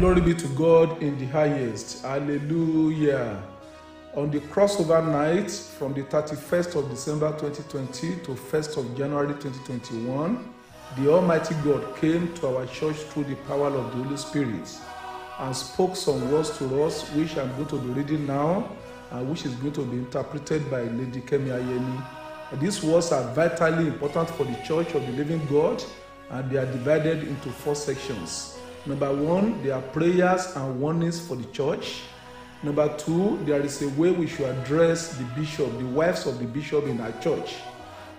Glory be to God in the highest. Hallelujah. On the crossover night from the 31st of December 2020 to 1st of January 2021, the Almighty God came to our church through the power of the Holy Spirit and spoke some words to us, which I'm going to be reading now and which is going to be interpreted by Lady Kemi Ayemi. these words are vitally important for the Church of the Living God and they are divided into four sections. Number one, there are prayers and warnings for the church. Number two, there is a way we should address the bishop, the wives of the bishop in our church.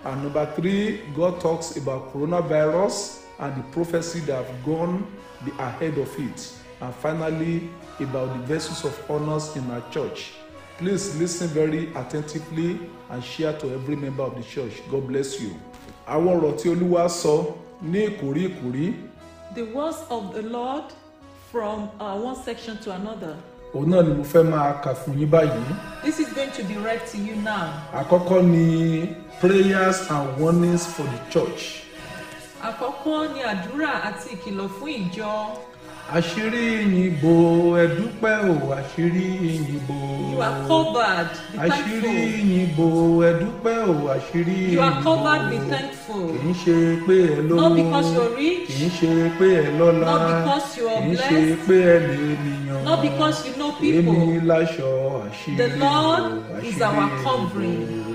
And number three, God talks about coronavirus and the prophecy that have gone ahead of it. And finally, about the vessels of honors in our church. Please listen very attentively and share to every member of the church. God bless you. Àwọn ọ̀rọ̀ tí Olúwa sọ ní ìkórí ìkórí the words of the Lord from uh, one section to another. òun náà ni mo fẹ́ máa kà fún yín báyìí. this is going to be read to you now. àkọ́kọ́ ni prayers and warnings for the church. àkọ́kọ́ ni àdúrà àti ìkìlọ̀ fún ìjọ àṣírí yìnbó ẹ̀dúpẹ́ o àṣírí yìnbó. you are covered be thankful. àṣírí yìnbó ẹ̀dúpẹ́ o àṣírí yìnbó. you are covered be thankful. kì ṣe pé ẹ lówó. not because you are rich. kì ṣe pé ẹ lọ́lá. not because you blessed. ṣe pé ẹ lè nìyàn. not because you know people. èmi láṣọ àṣírí yìnbó àṣírí yìnbó. the Lord is our covering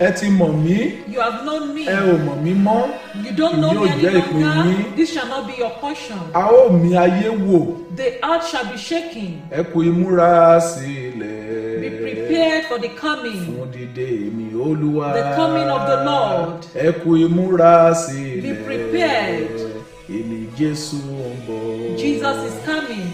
ẹ ti mọ̀ mí. you have known me. ẹ ò mọ̀ mí mọ́. you don't know me any longer. this shall not be your portion. a ó mì ayé wò. the earth shall be shaking. ẹ kú ìmúra sílẹ̀. be prepared for the coming. fún dídé mi olúwa. the coming of the lord. ẹ kú ìmúra sílẹ̀. be prepared. èmi jésù ń bọ̀. jesus is coming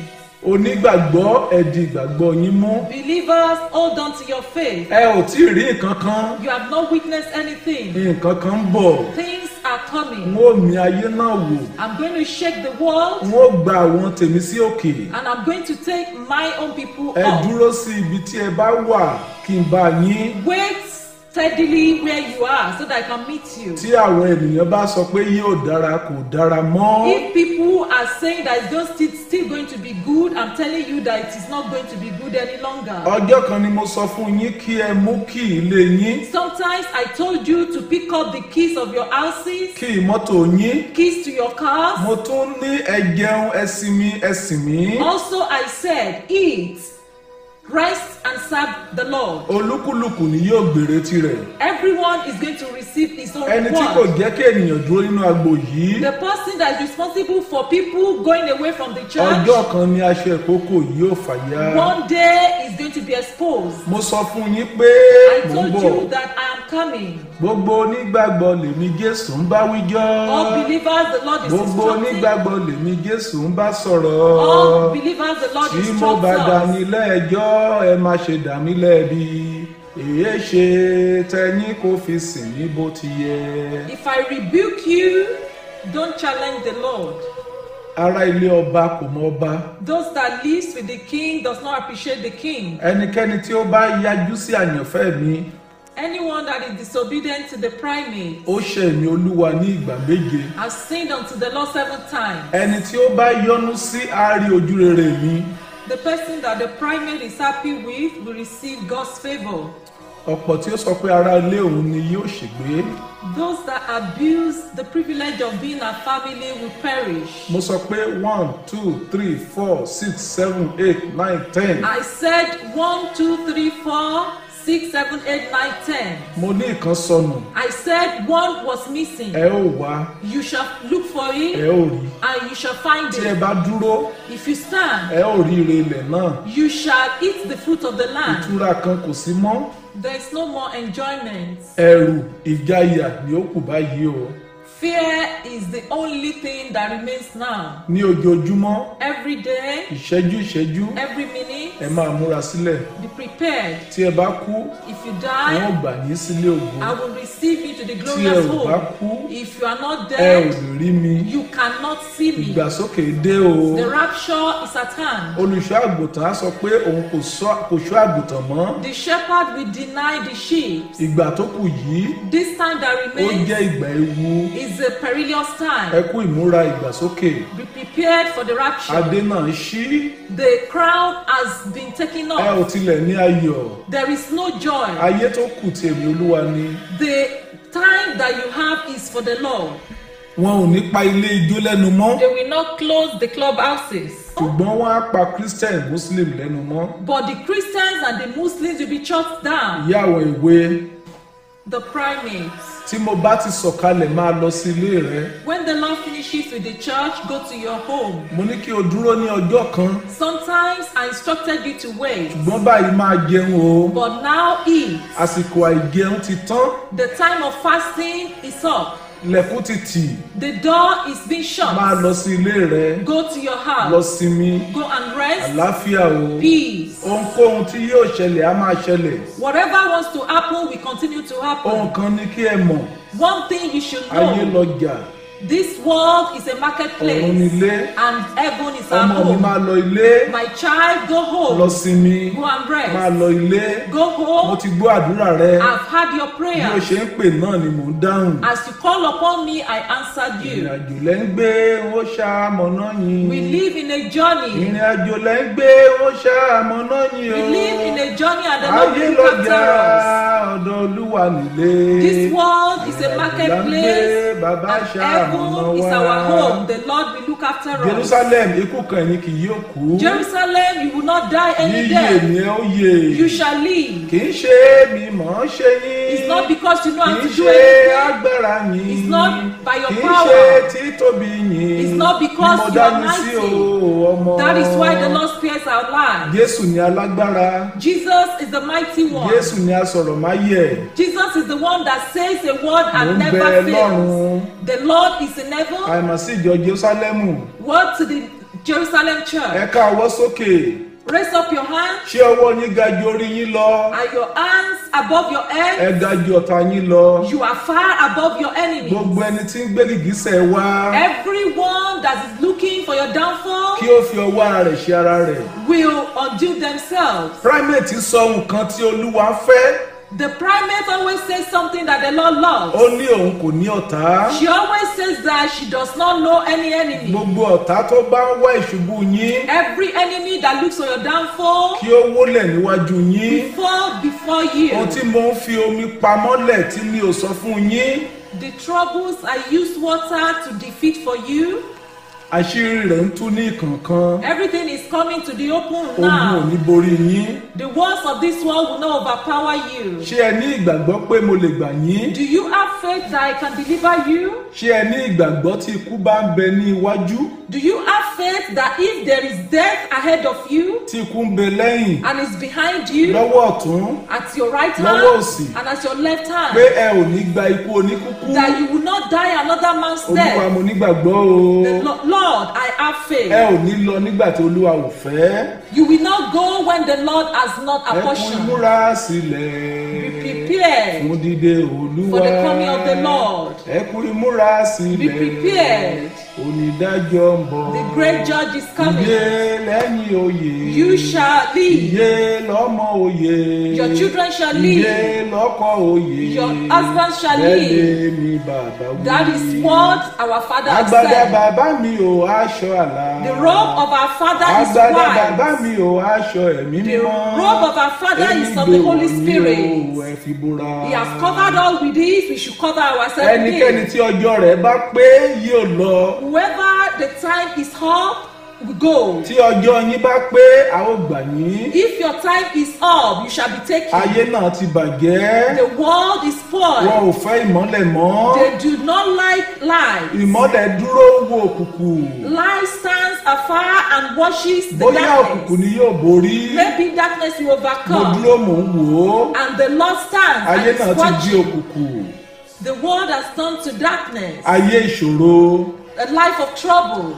onígbàgbọ́ ẹ̀dì ìgbàgbọ́ yín mú. believers hold on to your faith. ẹ ò tí ì rí nǹkan you have not witnessed anything. nǹkan bọ̀. things are coming. n ó mì ayé náà wò. I'm going to shake the world. n ó gba àwọn tèmi sí òkè. and I'm going to take my own people ẹ dúró sí ibi tí ẹ bá wà kí n bá yín. wait steadily where you are so that I can meet you. Tí àwọn ènìyàn bá sọ pé yóò dára kò dára mọ́. If people are saying that it's just still, still going to be good, I'm telling you that it is not going to be good any longer. Ọjọ́ kan ni mo sọ fún yín kí ẹ mú kí ilé yín. Sometimes I told you to pick up the keys of your houses. Kí mọ́tò yín. Keys to your cars. Mo tún ní ẹ jẹun ẹ sinmi ẹ sinmi. Also I said eat rest and serve the lord. olúkúlùkù ni yóò gbèrè tirẹ̀. everyone is going to receive his own reward. ẹni tí kò jẹ́ kí ènìyàn dúró nínú agbo yìí. the person that is responsible for people going away from the church. ọjọ́ kan ni aṣọ ìkókò yóò fàya. one day is going to be exposed. mo sọ fún yín pé mo ń bọ̀. I told you that I am coming. gbogbo onígbàgbọ́ lèmi jésù ń bá wíjọ́. all believers the lord is instructing. gbogbo onígbàgbọ́ lèmi jésù ń bá sọ̀rọ̀. all believers the lord is instructing. tí mo bá dání lẹ́ẹ̀jọ́ ẹ má ṣe dà mí lẹ́bi èyí ṣe tẹ̀yìn kò fi sìn mí bó ti yẹ. if I rebuke you don't challenge the Lord. Ará ilé ọba kò mọ ọba. Those that lives with the king does not appreciate the king. Ẹnikẹ́ni tí ó bá yájú sí àyànfẹ́ mi. Anyone that is disobedient to the primate. Ó ṣẹ̀ mí Olúwa ní ìgbà méje. I've sinned unto the Lord seven times. Ẹni tí ó bá yọ́nú sí àárí ojú mi the person that the primate is happy with will receive God's favor. ọ̀pọ̀ tí ó sọ pé ará ilé òun ni yóò ṣègbé. those that abuse the privilege of being a family will perish. mo sọ pé one two three four six seven eight nine ten. I said one two three four six seven eight nine ten. mo ní nǹkan sọnù. I said one was missing. ẹ ó wá. you shall look for it. ẹ ó rí. and you shall find it. tí ẹ bá dúró. if you stand. ẹ ó rí ire ilẹ̀ náà. you shall eat the fruit of the land. ìtura kan kò sí mọ́. there is no more enjoyment. ẹrù ìjayà ni ó kù báyìí o. Fear is the only thing that remains now. Ní ojoojúmọ́. Every day. Ìṣẹ́jú ìṣẹ́jú. Every minute. Ẹ máa múra sílẹ̀. Be prepared. Tí ẹ bá kú. If you die. Wọ́n gbà yín sílé ògo. I will receive you to the glorious home. Tí ẹ ò bá kú. If you are not dead. Ẹ ò lè rí mi. You cannot see me. Ìgbàsókè dé o. The rapture is at hand. Olùṣọ́ àgùntàn á sọ pé òun kò ṣọ́ àgùntàn mọ́. The shepherd will deny the sheep. Ìgbà tó kù yìí. This time that remains. Ó jẹ́ ìgbà ewu is a perilous time. ẹ ìmúra ìgbàsókè. be prepared for the rapture. adé náà ṣí. the crowd has been taken off. ẹ ò tilẹ̀ ní ayọ̀. there is no joy. ayé tó kù tèmi olúwa ni. the time that you have is for the Lord. wọn ò ní pa ilé ijó lẹ́nu mọ́. they will not close the club houses ṣùgbọ́n wọ́n á pa christian muslim lẹ́nu mọ́. but the christians and the muslims will be shut down. ìyá àwọn ìwé. the primates tí mo bá ti sọ̀kalẹ̀ máa lọ sí ilé rẹ. when the Lord finishes with the church go to your home. mo ní kí o dúró ní ọjọ́ kan. sometimes I instructed you to wait. ṣùgbọ́n báyìí máa jẹun o. but now eat. àsìkò àìjẹun ti tán. the time of fasting is up lẹ̀kùn ti the door is being shut. máa lọ sí ilé rẹ. go to your house. lọ sinmi. go and rest. àlàáfíà o. peace. ohunkóhun tí yóò ṣẹlẹ̀ á máa ṣẹlẹ̀. whatever wants to happen will continue to happen. ohun kan ni kí ẹ mọ̀. one thing you should know. ayé lọjà. This world is a marketplace. Ọ̀run And heaven is our home. My child go home. Go and rest. Go home. Mo ti gbọ́ I've heard your prayer. As you call upon me, I answered you. We live in a journey. We live in a journey and the Lord will look after us. This world is a marketplace. Ìrìnàjò lẹ́ ń home is our home. The Lord will look after us. Jerusalem ikú kan ẹni kì yóò kú. Jerusalem you will not die any day. Yíyè ni ó yè. You shall live. Kì í ṣe mi mọ̀ ọ́ ṣe yín. It's not because you know how to do anything. Kì í ṣe agbára yín. It's not by your power. Kì í ṣe títóbi yín. It's not because you are mighty. Mo That is why the Lord spares our lives. Jésù ni alágbára. Jesus is the mighty one. Jésù ni asọ̀rọ̀ máyẹ̀. Jesus is the one that says a word and never fails. The Lord up is in heaven. àìmọ̀sí ìjọ Jerúsálẹ́mù. word to the Jerusalem church. ẹ ká ọwọ́ sókè. raise up your hand. ṣé ọwọ́ yín ga ju orí yín lọ. and your hands above your head. ẹ ga ju ọ̀tá yín lọ. you are far above your enemies. gbogbo ẹni tí ń gbé lìgísẹ̀ wá. everyone that is looking for your downfall. kí ó fi ọwọ́ ara rẹ̀ ṣe ara rẹ̀. will undo themselves. primate sọ nǹkan tí Olúwa fẹ́. The primate always says something that the Lord loves. Ó ní òun kò ní ọ̀tá. She always says that she does not know any enemy. Gbogbo ọ̀tá tó bá ń wá ìṣubú yín. Every enemy that looks on your downfall. Kí ó wólẹ̀ níwájú yín. Before before you. Ohun tí mo ń fi omi pamọ́lẹ̀ tí mi ò sọ fún yín. The troubles I use water to defeat for you àṣírí rẹ̀ ń tú ní ìkọ̀ọ̀kan. everything is coming to the open now. ogun ò ní borí yín. the words of this world will not overpower you. ṣé ẹ ní ìgbàgbọ́ pé mo lè gbà yín. do you have faith that I can deliver you? ṣé ẹ ní ìgbàgbọ́ tí ikú bá ń bẹ ní iwájú? do you have faith that if there is death ahead of you? tí ikú ń bẹ lẹ́yìn. and is behind you? lọ́wọ́ ọ̀tún. at your right hand. lọ́wọ́ òsì. and at your left hand. pé ẹ ò ní gba ikú oníkúkú. that you will not die another man's death. olúwa mo nígbàgbọ́ o. Lord I have faith. ẹ ò ní lọ nígbà tí olúwa ò fẹ́. you will not go when the Lord has not apportioned. ẹ múra sílẹ̀. be prepared. fún dídé olúwa. for the coming of the Lord. ẹ kú ìmúra sílẹ̀. be prepared. onídàájọ́ ń bọ̀. the great judge is coming. iye lẹ́yìn oyè. you shall live. iye lọ́mọ oyè. your children shall live. iye lọ́kọ oyè. your husband shall live. bẹ́ẹ̀ ni bàbá wí. that is what our father said. àgbàdo bàbá mi ò o aṣọ àlà. the robe of our father is white. agbada bàbá mi o aṣọ ẹ̀mí mímọ́. the robe of our father is of the holy spirit. he has covered all with it we should cover ourselves ẹnikẹ́ni tí ọjọ́ rẹ̀ bá pé yóò lọ. whoever the time is up go. tí ọjọ́ yín bá pé a ó gbà yín. if your time is up you shall be taken. ayé náà ti bàjẹ́. the world is spoiled. wọn ò fẹ́ ìmọ́lẹ̀ mọ́. they do not like lies. ìmọ́lẹ̀ dúró wo òkùnkùn. light stands afar and watches the darkness. bóyá òkùnkùn ni yóò borí. maybe darkness will overcome. mo dúró mò ń wò ó. and the lord stands ayé and is watching. ayé náà ti di òkùnkùn. the world has turned to darkness. ayé ìṣòro. a life of trouble.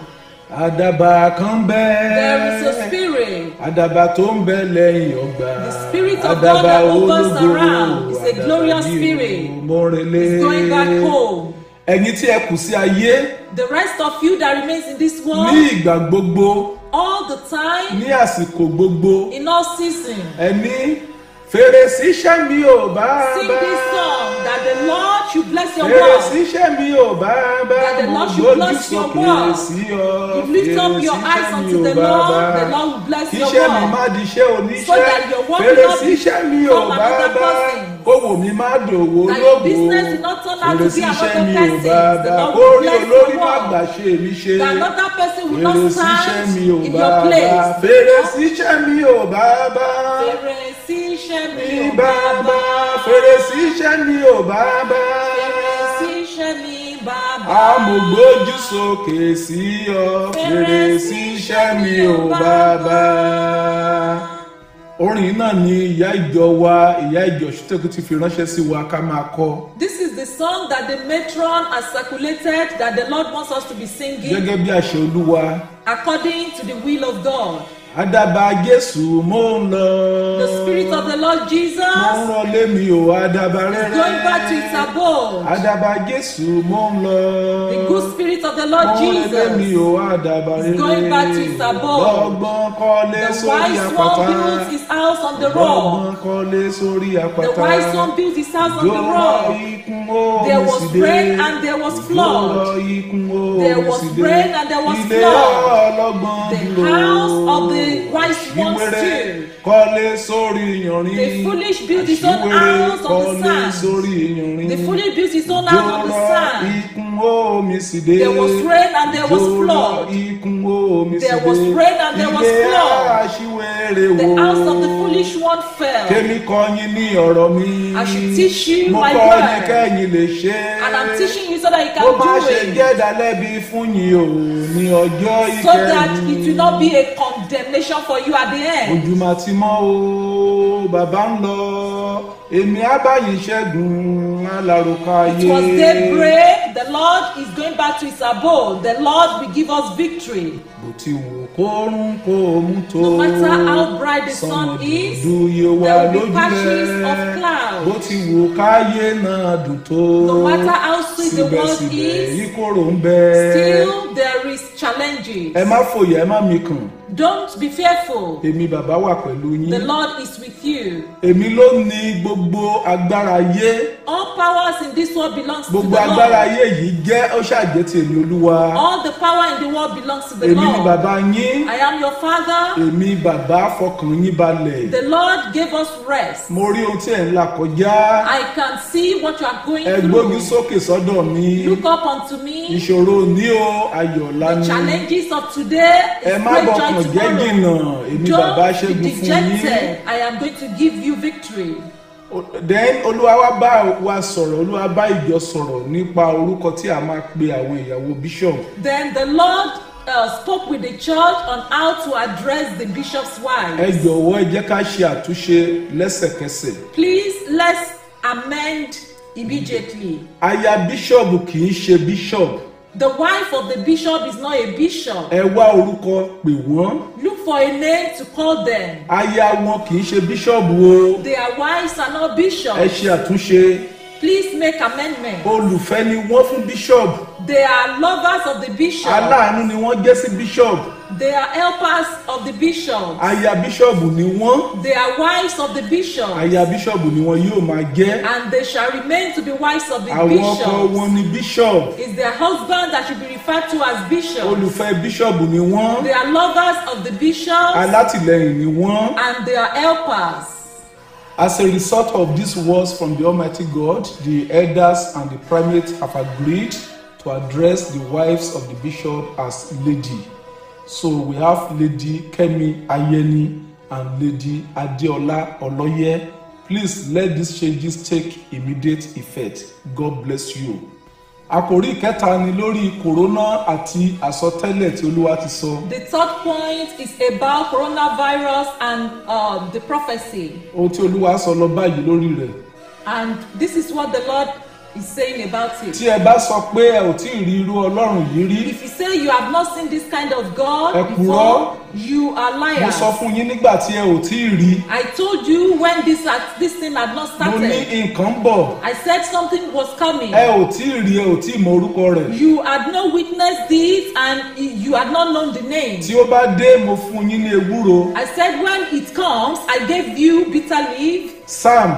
Àdàbà kan bẹ́. There is a spirit. Àdàbà tó ń bẹ lẹ́yìn ọgbà. The spirit of God that hovers around is a glorious spirit. Mọ̀rẹ́lẹ́. He's going back home. Ẹ̀yin tí ẹ kù sí ayé. The rest of you that remains in this world. Ní ìgbà gbogbo. All the time. Ní àsìkò gbogbo. In all seasons. Ẹni fèrèsé ṣẹ́ mi ò bá bá. sing this song that the lord should bless your work. fèrèsé ṣẹ́ mi ò bá bá. that the lord should bless your work. you lift up your eyes unto the lord the lord will bless your work. iṣẹ́ mi má di iṣẹ́ oníṣẹ́. so that your work will not be from another person kówó mi má dòwò olóògbò èrè ṣiṣẹ́ mi ò bá bá kórè olórí má gbà ṣe mi ṣe èrè ṣiṣẹ́ mi ò bá bá fèrè ṣiṣẹ́ mi ò bá bá mi bá bá fèrè ṣiṣẹ́ mi ò bá bá amògbójú sókè sí ọ fèrè ṣiṣẹ́ mi ò bá orin náà ni ìyá ìjọ wa ìyá ìjọ ṣùtẹ́kù ti fi ránṣẹ́ sí wa ká máa kọ. this is the song that the matron has circulated that the lord wants us to be singing. gẹ́gẹ́ bí àṣẹ olúwa. according to the will of God. Àdàbà Jésù mò ń lọ. The spirit of the Lord Jesus. Mo ń lọ lé o, àdàbà rẹ̀ rẹ̀. Is going back to its abode. Àdàbà Jésù mò ń lọ. The good spirit of the Lord Jesus. Mo ń lé mi o, àdàbà rẹ̀ rẹ̀. Is going back to its abode. Lọ́gbọ́n kọ́lé sórí àpáta. The wise one built his house on the rock. Lọ́gbọ́n kọ́lé sórí àpáta. The wise one built his house on the rock. Yóò lọ ikún o, There was rain and there was flood. Yóò lọ ikún o, There was rain and there was flood. Ilé ọlọ́gbọ́n dúró. The house of the the wise ones do. kọ́lé sórí yanrìn. the foolish build his own house on the sand. the foolish build his own house on the sand. ikun omi sì dé. there was rain and there was flood. ikun wo omi síbi. there was rain and there was flood. ilé aṣiwèrè wo. the house of the foolish one fell. kémi kọ́ yín ní ọ̀rọ̀ mi. I should teach you my word. mo kọ́ yín kẹ́yìn lè ṣe. and I'm teaching you so that you can do it. má ṣe jẹ́ dálẹ́bi fún yín o ní ọjọ́ ìkẹyìn. so that it will not be a condemnation for you at the end. ti mọ́ o bàbá ń lọ èmi á báyìí ṣẹ́gun alárùkọ ayé. it was day break the lord is going back to his abode the lord will give us victory bó ti wù kórun kó mú tó sọmọ dúdú yóò wà lójúlẹ̀ bó ti wù káyé náà dùn tó síbẹ̀síbẹ̀ yìí kóró ń bẹ face challenges. ẹ má fòyà ẹ má mikàn. don't be fearful. èmi bàbá wà pẹ̀lú yín. the lord is with you. èmi ló ní gbogbo agbára ayé. all powers in this world belong to the lord. gbogbo agbára ayé yìí jẹ́ ó ṣàjẹ́ ti èmi olúwa. all the power in the world belongs to the lord. èmi bàbá yín. I am your father. èmi bàbá fọkàn yín balẹ̀. the lord gave us rest. mo rí ohun tí ẹ̀ ń là kọjá. I can see what you are going through. ẹ gbójú sókè sọ́dọ̀ mi. look up unto me. ìṣòro ní o ayọ̀ ọ̀la the challenges of today is great joy tomorrow. Don't be dejected. I am going to give you victory. then olúwa wá bá wa sọ̀rọ̀ olúwa bá ìjọ sọ̀rọ̀ nípa orúkọ tí a máa pe àwọn ìyàwó bishop. then the lord uh, spoke with the church on how to address the bishop's wife. ẹ jọ̀wọ́ ẹ jẹ́ ká ṣe àtúnṣe lẹ́sẹ̀kẹsẹ̀. please let's amend immediately. aya bishop kì í ṣe bishop. The wife of the bishop is not a bishop. Ẹ wá orúkọ pè wọ́n. Look for a name to call them. Aya wọn kì í ṣe bíṣọ̀bù o. Their wives are not bishops. Ẹ ṣe àtúnṣe please make amendment. olùfẹ́ ni wọ́n fún bishop. they are lovers of the bishop. aláàánú ni wọ́n jẹ́ sí bishop. they are helpers of the bishop. aya bishop ni wọ́n. they are wives of the bishop. aya bishop ni wọ́n yóò máa jẹ́. and they shall remain to be wives of the bishop. àwọn ọkọ wọn ni bishop. is their husband that should be referred to as bishop. olùfẹ́ bishop ni wọ́n. they are lovers of the bishop. alátìlẹyìn ni wọ́n. and they are helpers. As a result of these words from the Almighty God, the elders and the primate have agreed to address the wives of the bishop as lady. So we have Lady Kemi Ayeni and Lady Adeola Oloye. Please let these changes take immediate effect. God bless you àkòrí ìkẹta ni lórí kòrónà àti àsọtẹ́lẹ̀ tí olúwa ti sọ. the third point is about coronavirus and um, the prophecy. ohun tí olúwa sọ lọ báyìí lórí rẹ̀. and this is what the Lord is saying about it. tí ẹ bá sọ pé ẹ ò tí ì rí irú ọlọ́run yìí rí. if you say you have not seen this kind of God before you are liars. mo sọ fún yín nígbà tí ẹ ò tí ì rí. I told you when this, uh, this thing had not started. mo ní nǹkan bọ̀. I said something was coming. ẹ ò tí ì rí ẹ ò tí ì mọ orúkọ rẹ̀. you had no witnessed it and you had not known the name. tí ó bá dé mo fún yín ní ewúro. I said when it comes I gave you bitter leaf. Sam.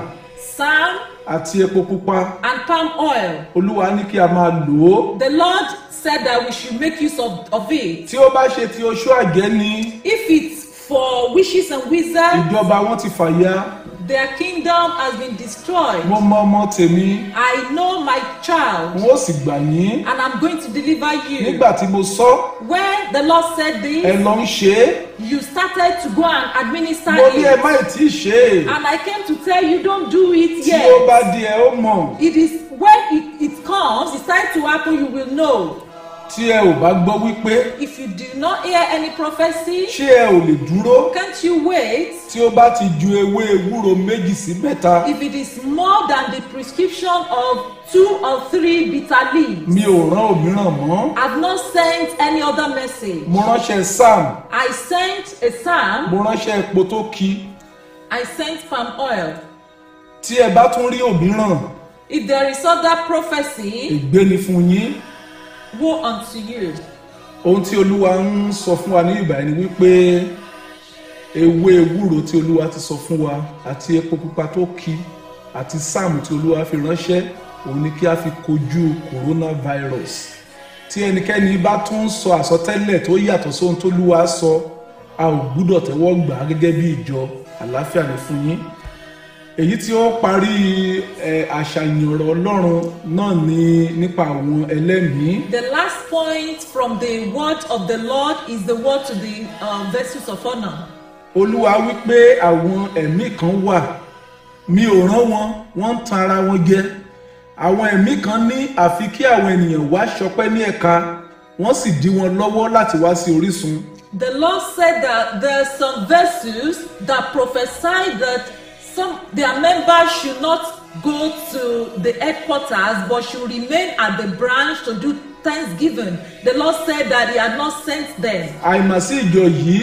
Sam àti epo pupa. and palm oil. olúwa ní kí a máa lò ó. the lord said that we should make use of, of it. tí ó bá ṣe ti oṣó àjẹ́ ni. if it's for witches and wizards. ìjọba wọn ti fàya their kingdom has been destroyed. mo mọ ọmọ tèmi. I know my child. n ó sì gbà yín. and I'm going to deliver you. nígbà tí mo sọ. when the Lord said this. ẹ lọ ń ṣe é. you started to go and administer mo it. mo ní ẹ má ì ṣe é. and I came to tell you don't do it yet. tí ó bá di ẹ ó mọ̀. it is when it, it comes it's time to happen you will know tí ẹ ò bá gbọ́ wípé. if you do not hear any prophecy. ṣé ẹ ò lè dúró. can't you wait. tí ó bá ti ju ewé ewúro méjì sí mẹ́ta. if it is more than the prescription of two or three bitter leaves. mi ò rán òmíràn mọ́. I have not sent any other message. mo ránṣẹ́ psalm. I sent a psalm. mo ránṣẹ́ epo tó ki. I sent palm oil. tí ẹ bá tún rí òmíràn. if there is other prophecy. ìgbéni fún yín. Woe unto you. Ohun tí Olúwa ń sọ fún wa ní ìgbà yẹn ni wípé ewé ewúro tí Olúwa ti sọ fún wa àti epo pupa tó ki àti sáàmù tí Olúwa fi ránṣẹ́ òun ni kí a fi kojú coronavirus tí ẹnikẹ́ni bá tún ń sọ àsọtẹ́lẹ̀ tó yàtọ̀ sóhun tó Olúwa sọ a ò gbúdọ̀ tẹ́wọ́ gbà á gẹ́gẹ́ bí ìjọ àlàáfíà ní fún yín èyí tí ó parí àṣàyàn ọ̀rọ̀ ọlọ́run náà ni nípa àwọn ẹlẹ́mìí. the last point from the word of the lord is the word to the uh, vessels of honor. olúwa wípé àwọn ẹ̀mí kan wà mi ò rán wọn wọ́n ń tan ara wọn jẹ àwọn ẹ̀mí kan ní àfi kí àwọn ènìyàn wá ṣọpẹ́ ní ẹ̀ka wọ́n sì dí wọn lọ́wọ́ láti wá sí orísun. the lord said that there are some verses that prophesy that some their members should not go to the headquarters but should remain at the branch to do thanksgiving the lord said that he had not sent them. àìmọ̀ sí ìjọ yìí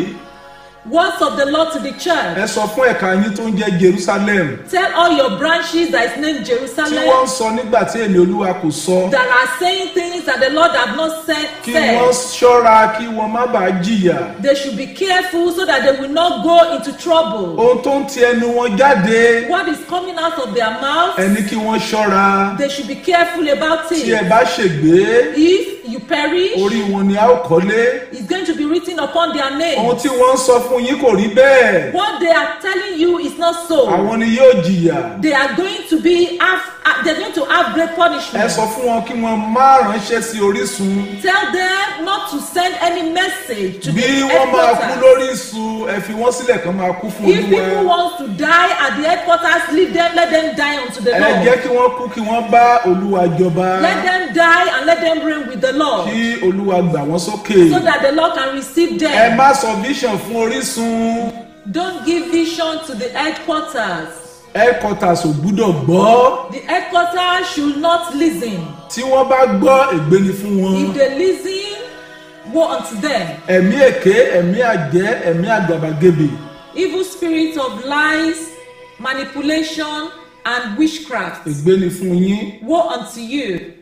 words of the Lord to the church. ẹ sọ fún ẹ̀ka yín tó ń jẹ́ Jerusalem. tell all your branches that is named Jerusalem. tí wọ́n sọ nígbà tí èmi Olúwa kò sọ. that are saying things that the Lord have not said. kí wọ́n ṣọ́ra kí wọ́n má bàa jìyà. they should be careful so that they will not go into trouble. ohun tó ń ti ẹnu wọn jáde. what is coming out of their mouth. ẹni kí wọ́n ṣọ́ra. they should be careful about it. tí ẹ bá ṣègbé. if you perish. orí wọn ni a ó kọ́lé. is going to be written upon their name. ohun tí wọ́n ń sọ fún yín kò rí bẹ́ẹ̀. what they are telling you is not so. àwọn ni yóò jìyà. they are going to be have uh, they are going to have great punishment. ẹ sọ fún wọn kí wọ́n má ránṣẹ́ sí orísun. tell them not to send any message to Be the headquarters. bí wọ́n máa kú lórí iṣu ẹ wọ́n sílẹ̀ kan máa kú fún olúwa. if people want to die at the headquarters leave them let them die unto the Lord. ẹ jẹ́ kí wọ́n kú kí wọ́n bá olúwa jọba. let them die and let them reign with the Lord. kí Olúwa gbà wọ́n sókè. so that the Lord can receive them. ẹ má sọ vision fún orísun. don't give vision to the headquarters headquarters ò gbúdọ̀ gbọ́. the headquarters should not listen. tí wọ́n bá gbọ́ ègbé ni fún wọn. if they listen go unto them. ẹ̀mí èké ẹ̀mí àjẹ́ ẹ̀mí àgàbàgebè. evil spirit of lies manipulation and witchcraft. ègbé ni fún yín. woe unto you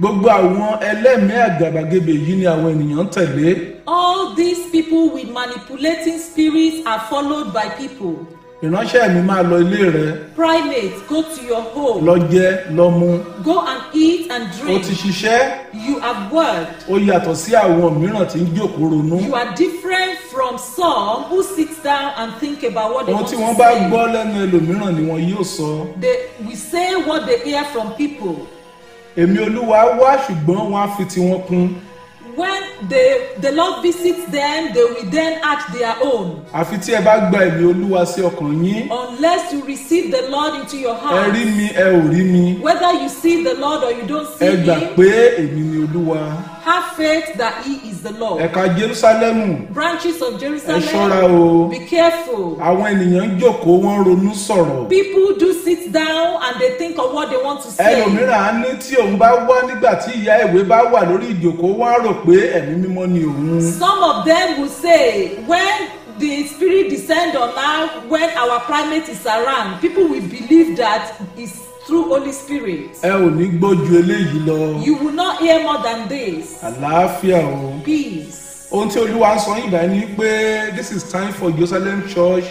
gbogbo àwọn ẹlẹ́mìí àgàbàgebè yìí ni àwọn ènìyàn ń tẹ̀lé. all these people with manipulating spirits are followed by people. ìránṣẹ́ mi máa lọ ilé rẹ. private go to your home. lọ jẹ lọ mu. go and eat and drink. o ti ṣiṣẹ́. you have worked. o yàtọ̀ sí àwọn mìíràn tí ń jókòó ronú. you are different from some who sit down and think about what they want to say. ohun tí wọ́n bá gbọ́ lẹ́nu ẹlòmíràn ni wọn yóò sọ. they we say what they hear from people èmi olúwa wá ṣùgbọ́n wọn á fi tiwọn kún. when the the Lord visits them they will then act their own. àfi tí ẹ bá gba èmi olúwa sí ọkàn yín. unless you receive the Lord into your heart. ẹ rí mi ẹ ò rí mi. whether you see the Lord or you don't see him. ẹ gbà pé èmi ni olúwa have faith that he is the lord. ẹ̀ka jerusalemu. branches of jerusalem. ẹ ṣọ́ra o. be careful. àwọn ènìyàn ń jókòó wọ́n ronú sọ̀rọ̀. people do sit down and they think of what they want to say. ẹlòmíràn á ní tí òun bá wá nígbà tí ìyá ìwé bá wà lórí ìjókòó wọ́n á rò pé ẹ̀mí mímọ́ ni òun. some of them will say when the spirit descend on her when our primate is around people will believe that it's through Holy Spirit. Ẹ ò ní gbọ́ eléyìí lọ. You will not hear more than this. Àlàáfíà o. Peace. Ohun tí Olúwa ń sọ yìí báyìí ni pé this is time for Jerusalem church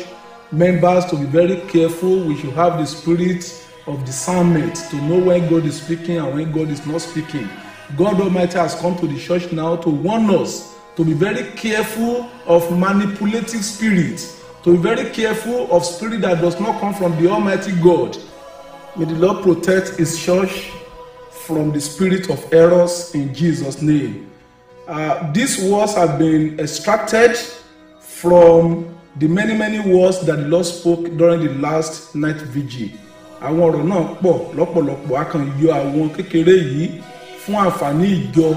members to be very careful we should have the spirit of discernment to know when God is speaking and when God is not speaking. God Almighty has come to the church now to warn us to be very careful of manipulative spirits, to be very careful of spirit that does not come from the Almighty God. May the Lord protect His church from the spirit of errors in Jesus' name. Uh, these words have been extracted from the many many words that the Lord spoke during the last night vigil. Àwọn ọ̀rọ̀ náà pọ̀ lọ́pọ̀lọpọ̀ a kàn yọ àwọn kékeré yìí fún àǹfààní ìjọ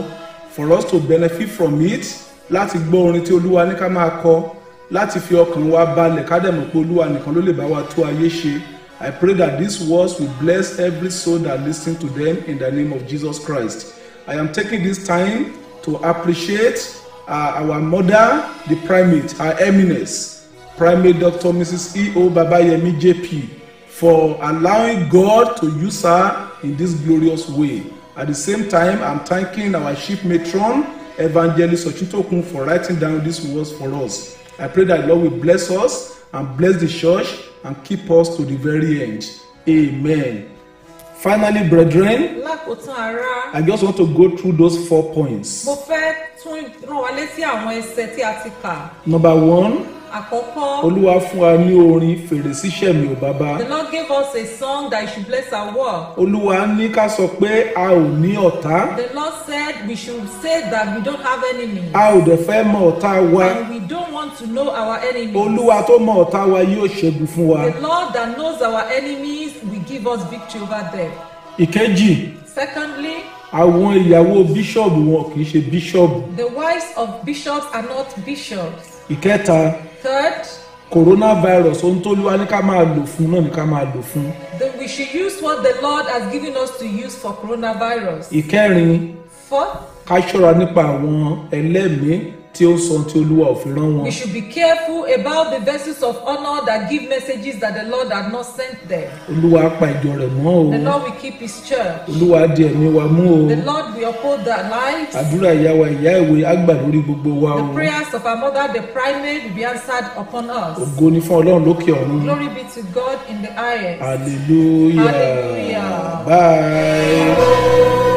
for us to benefit from it láti gbọ́ orin tí Olúwa ní ká máa kọ láti fi ọkàn wa balẹ̀ ká dẹ̀ mọ̀ pé Olúwa nìkan ló lè bá wa tó ayé ṣe. I pray that these words will bless every soul that listens to them in the name of Jesus Christ. I am taking this time to appreciate uh, our mother, the primate, her eminence, primate Dr. Mrs. E.O. Babayemi JP, for allowing God to use her in this glorious way. At the same time, I'm thanking our chief matron, Evangelist Ochitokun, for writing down these words for us. I pray that Lord will bless us and bless the church and keep us to the very end. Amen. Finally, brethren, I just want to go through those four points. Number one, àkọ́kọ́. olúwa fún wa ní orin fèrèsé ṣẹ̀mí ò bàbá. the lord gave us a song that should bless our work. olúwa ní ká sọ pé a ò ní ọ̀tá. the lord said we should say that we don't have enemies. a ò dẹ̀ fẹ́ mọ ọ̀tá wa. and we don't want to know our enemies. olúwa tó mọ ọ̀tá wa yóò ṣẹ́gun fún wa. the lord that knows our enemies will give us victory over them. ìkejì. secondly àwọn ìyàwó bíṣọ̀bù wọn kì í ṣe bíṣọ̀bù. the wives of bishops are not bishops ìkẹta. third. coronavirus ohun tó lúwa ní ká máa lò fún náà ní ká máa lò fún. then we should use what the Lord has given us to use for coronavirus. ìkẹrin. fourth. ká ṣọ́ra nípa àwọn ẹlẹ́mìí tí ó sọ tí olúwa ò rán wọn. we should be careful about the verses of honour that give messages that the Lord had not sent them. olúwa pa ìjọ rẹ̀ mọ́ o. the Lord will keep his church. olúwa di ẹ̀mí wa mú o. the Lord will uphold their lives. àdúrà ìyá wa ìyá ìwé àgbà lórí gbogbo wa o. the prayers of our mother the primate will be answered upon us. ògo ni fún ọlọ́run lókè ọ̀run. glory be to God in the highest. hallelujah hallelujah bye. Oh.